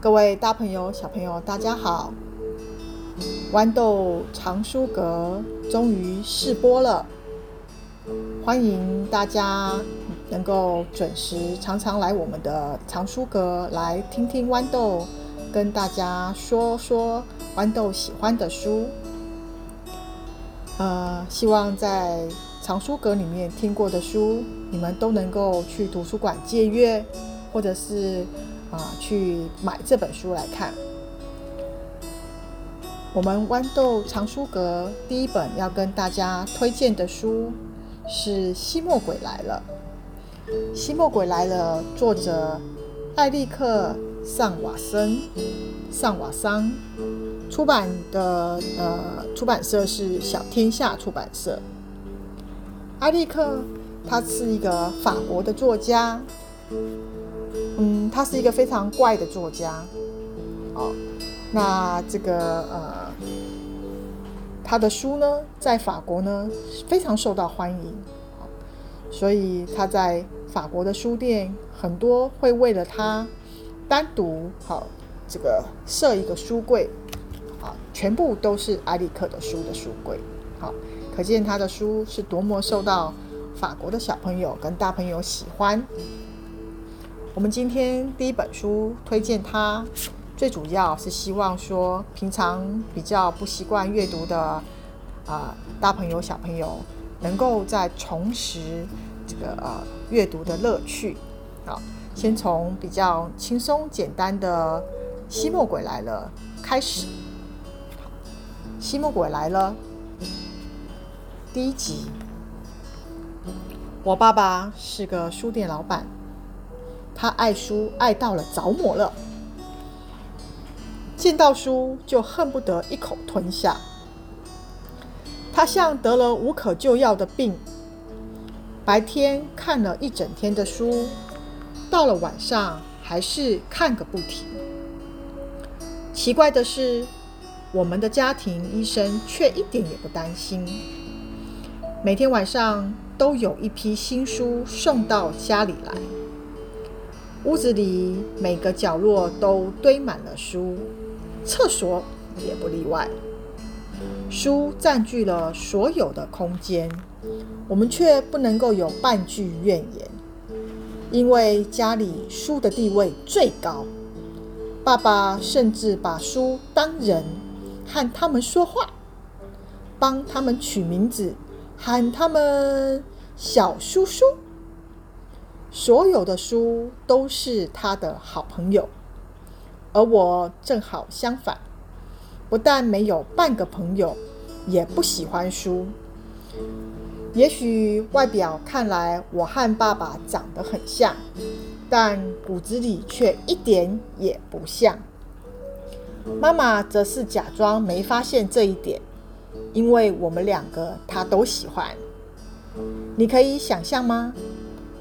各位大朋友、小朋友，大家好！豌豆藏書閣終於試播了，歡迎大家能夠準時、常常來我們的藏書閣，來聽聽豌豆跟大家說說豌豆喜歡的書。呃，希望在藏書閣裡面聽過的書，你們都能夠去圖書館借閱，或者是，啊，去買這本書來看。我們豌豆藏書閣第一本要跟大家推薦的書是《吸墨鬼來了》。《吸墨鬼來了》作者艾利克·尚瓦森，尚瓦桑出版的呃出版社是小天下出版社。艾利克他是一個法國的作家。嗯，他是一個非常怪的作家，哦，那這個呃，他的書呢，在法國呢非常受到歡迎，好，所以他在法國的書店很多會為了他單獨，好，這個設一個書櫃，好，全部都是埃里克的書的書櫃，好，可見他的書是多麼受到法國的小朋友跟大朋友喜歡。我們今天第一本書推薦它，最主要是希望說，平常比較不習慣閱讀的啊、呃、大朋友、小朋友，能夠再重拾這個呃閱讀的樂趣。好，先從比較輕鬆簡單的《吸墨鬼來了》開始，《吸墨鬼來了》第一集。我爸爸是個書店老闆。他愛書愛到了着魔了，見到書就恨不得一口吞下。他像得了無可救藥的病，白天看了一整天的書，到了晚上還是看個不停。奇怪的是，我們的家庭醫生卻一點也不擔心。每天晚上都有一批新書送到家裡來。屋子裡每個角落都堆滿了書，廁所也不例外。書占據了所有的空間，我們卻不能夠有半句怨言，因為家裡書的地位最高。爸爸甚至把書當人，和他們說話，幫他們取名字，喊他們“小叔叔”。所有的書都是他的好朋友，而我正好相反，不但沒有半個朋友，也不喜歡書。也許外表看來我和爸爸長得很像，但骨子裡卻一點也不像。媽媽則是假裝沒發現這一點，因為我們兩個她都喜歡。你可以想象嗎？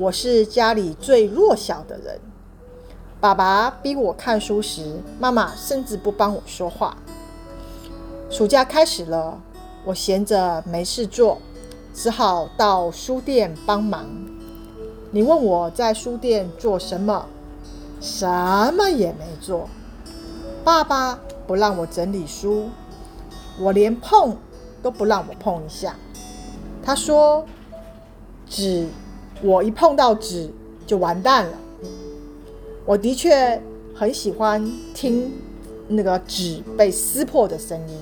我是家裡最弱小的人。爸爸逼我看書時，媽媽甚至不幫我說話。暑假開始了，我閒着沒事做，只好到書店幫忙。你問我在書店做什麼？什麼也沒做。爸爸不讓我整理書，我連碰都不讓我碰一下。他說：“只……”我一碰到紙就完蛋了。我的確很喜歡聽那個紙被撕破的聲音，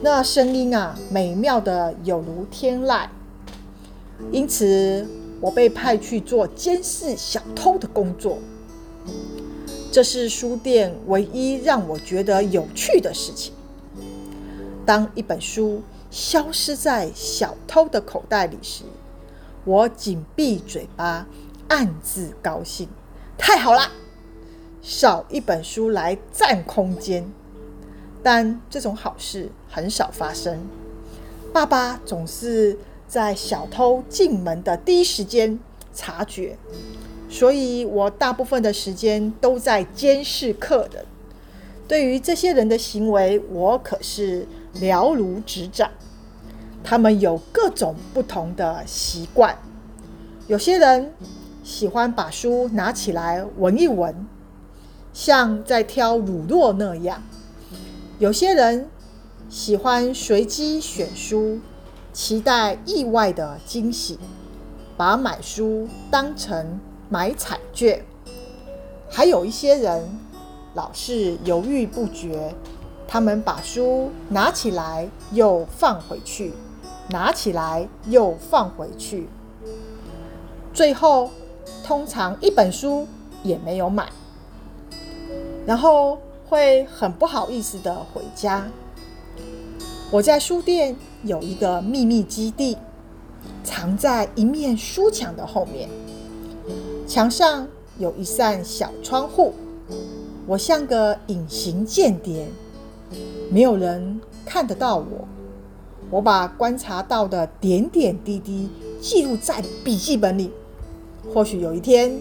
那聲音啊，美妙的有如天籟。因此，我被派去做監視小偷的工作。這是書店唯一讓我覺得有趣的事情。當一本書消失在小偷的口袋裡時，我緊閉嘴巴，暗自高興，太好了，少一本書來占空間。但這種好事很少發生，爸爸總是在小偷進門的第一時間察覺，所以我大部分的時間都在監視客人。對於這些人的行為，我可是了如指掌。他們有各種不同的習慣。有些人喜歡把書拿起來聞一聞，像在挑乳酪那樣；有些人喜歡隨機選書，期待意外的驚喜，把買書當成買彩券。還有一些人老是猶豫不決，他們把書拿起來又放回去。拿起來又放回去，最後通常一本書也沒有買，然後會很不好意思的回家。我在書店有一個秘密基地，藏在一面書牆的後面，牆上有一扇小窗戶，我像個隱形間諜，沒有人看得到我。我把觀察到的點點滴滴記錄在筆記本裡，或許有一天，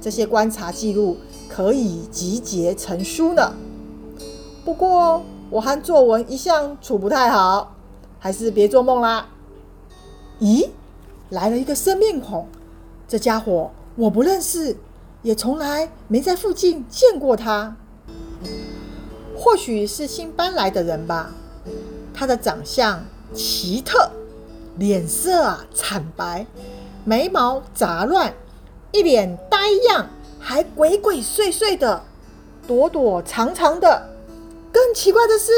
這些觀察記錄可以集結成書呢。不過，我和作文一向處不太好，還是別做夢啦。咦，來了一個生面孔，這家伙我不認識，也從來沒在附近見過他。或許是新搬來的人吧，他的長相奇特，臉色啊慘白，眉毛雜亂，一臉呆樣，還鬼鬼祟祟祟的，躲躲藏藏的。更奇怪的是，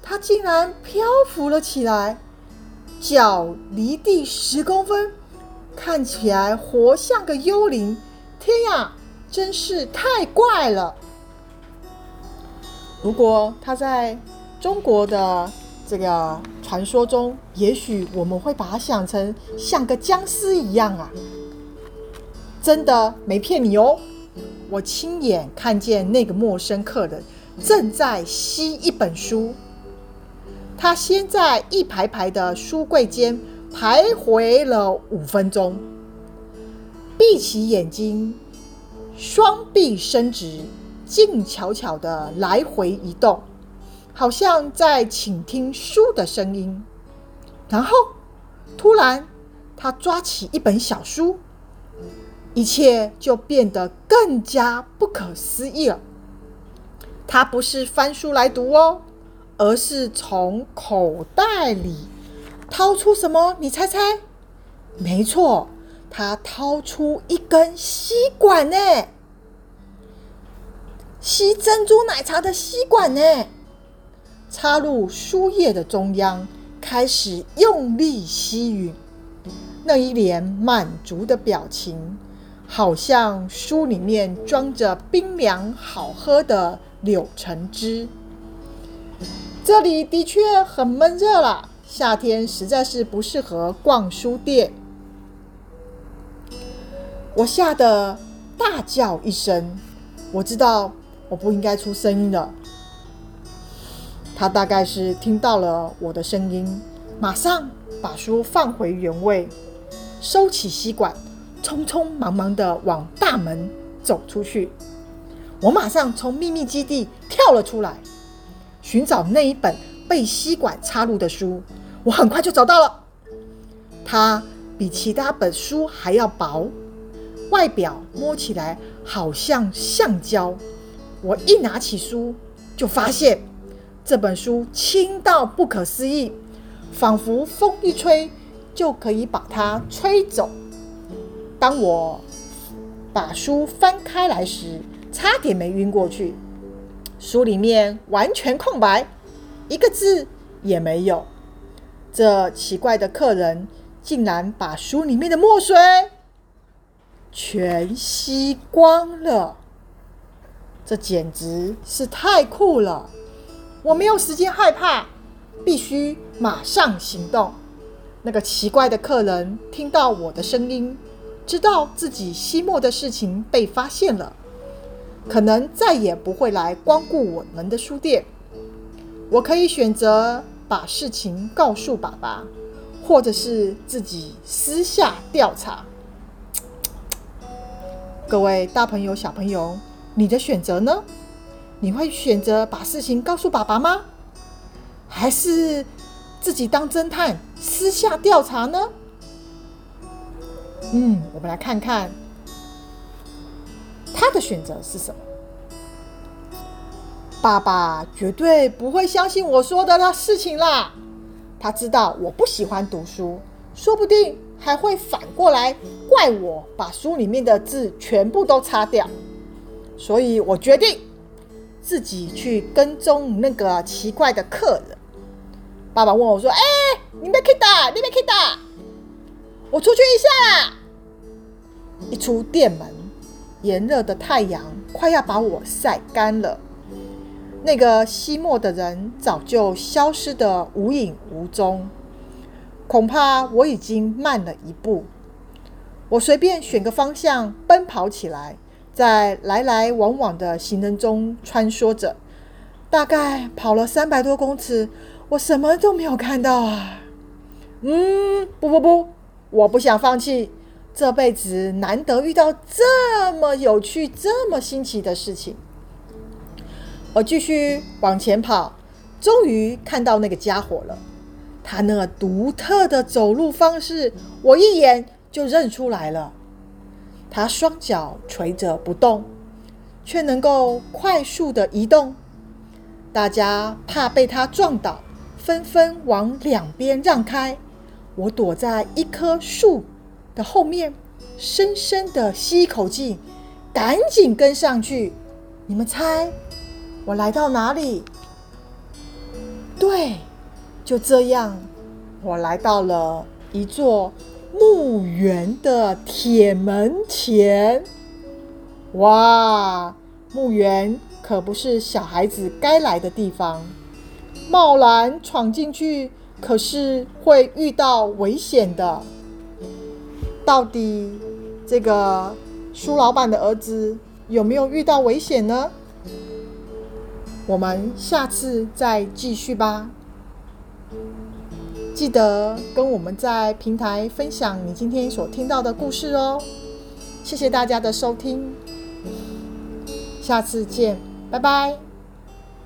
他竟然漂浮了起來，腳離地十公分，看起來活像個幽靈。天呀，真是太怪了！如果他在中國的。這個傳說中，也許我們會把它想成像個僵屍一樣啊！真的沒騙你哦，我親眼看見那個陌生客人正在吸一本書。他先在一排排的書櫃間徘徊了五分鐘，閉起眼睛，雙臂伸直，靜悄悄地來回移動。好像在傾聽書的聲音，然後突然他抓起一本小書，一切就變得更加不可思議了。他不是翻書來讀哦，而是從口袋裡掏出什麼？你猜猜？沒錯，他掏出一根吸管呢、欸，吸珍珠奶茶的吸管呢、欸。插入書頁的中央，開始用力吸吮，那一臉滿足的表情，好像書裡面裝着冰涼好喝的柳橙汁。這裡的確很悶熱了，夏天實在是不適合逛書店。我嚇得大叫一聲，我知道我不應該出聲音的。他大概是聽到了我的聲音，馬上把書放回原位，收起吸管，匆匆忙忙地往大門走出去。我馬上從祕密基地跳了出來，尋找那一本被吸管插入的書。我很快就找到了，它比其他本書還要薄，外表摸起來好像橡膠。我一拿起書，就發現。這本書輕到不可思議，仿佛風一吹就可以把它吹走。當我把書翻開來時，差點沒暈過去。書裡面完全空白，一個字也沒有。這奇怪的客人竟然把書裡面的墨水全吸光了，這簡直是太酷了！我沒有時間害怕，必須馬上行動。那個奇怪的客人聽到我的聲音，知道自己吸墨的事情被發現了，可能再也不會來光顧我們的書店。我可以選擇把事情告訴爸爸，或者是自己私下調查。咳咳咳，各位大朋友、小朋友，你的選擇呢？你會選擇把事情告訴爸爸嗎？還是自己當偵探，私下調查呢？嗯，我們來看看他的選擇是什麼。爸爸絕對不會相信我說的那事情啦。他知道我不喜歡讀書，說不定還會反過來怪我把書裡面的字全部都擦掉。所以我決定。自己去跟蹤那個奇怪的客人。爸爸問我說：“哎、欸，你們可以打，你們可以打。”我出去一下啦。一出店門，炎熱的太陽快要把我曬乾了。那個吸墨的人早就消失得無影無蹤，恐怕我已經慢了一步。我隨便選個方向奔跑起來。在來來往往的行人中穿梭着，大概跑了三百多公尺，我什麼都沒有看到啊！嗯，不不不，我不想放棄，這輩子難得遇到這麼有趣、這麼新奇的事情，我繼續往前跑，終於看到那個家伙了。他那獨特的走路方式，我一眼就認出來了。他雙腳垂着不動，卻能夠快速的移動。大家怕被他撞倒，紛紛往兩邊讓開。我躲在一棵樹的後面，深深的吸一口氣，趕緊跟上去。你們猜我來到哪裡？對，就這樣，我來到了一座。墓園的鐵門前，哇！墓園可不是小孩子該來的地方，貿然闖進去可是會遇到危險的。到底這個蘇老闆的兒子有沒有遇到危險呢？我們下次再繼續吧。記得跟我們在平台分享你今天所聽到的故事哦，謝謝大家的收聽，下次見，拜拜。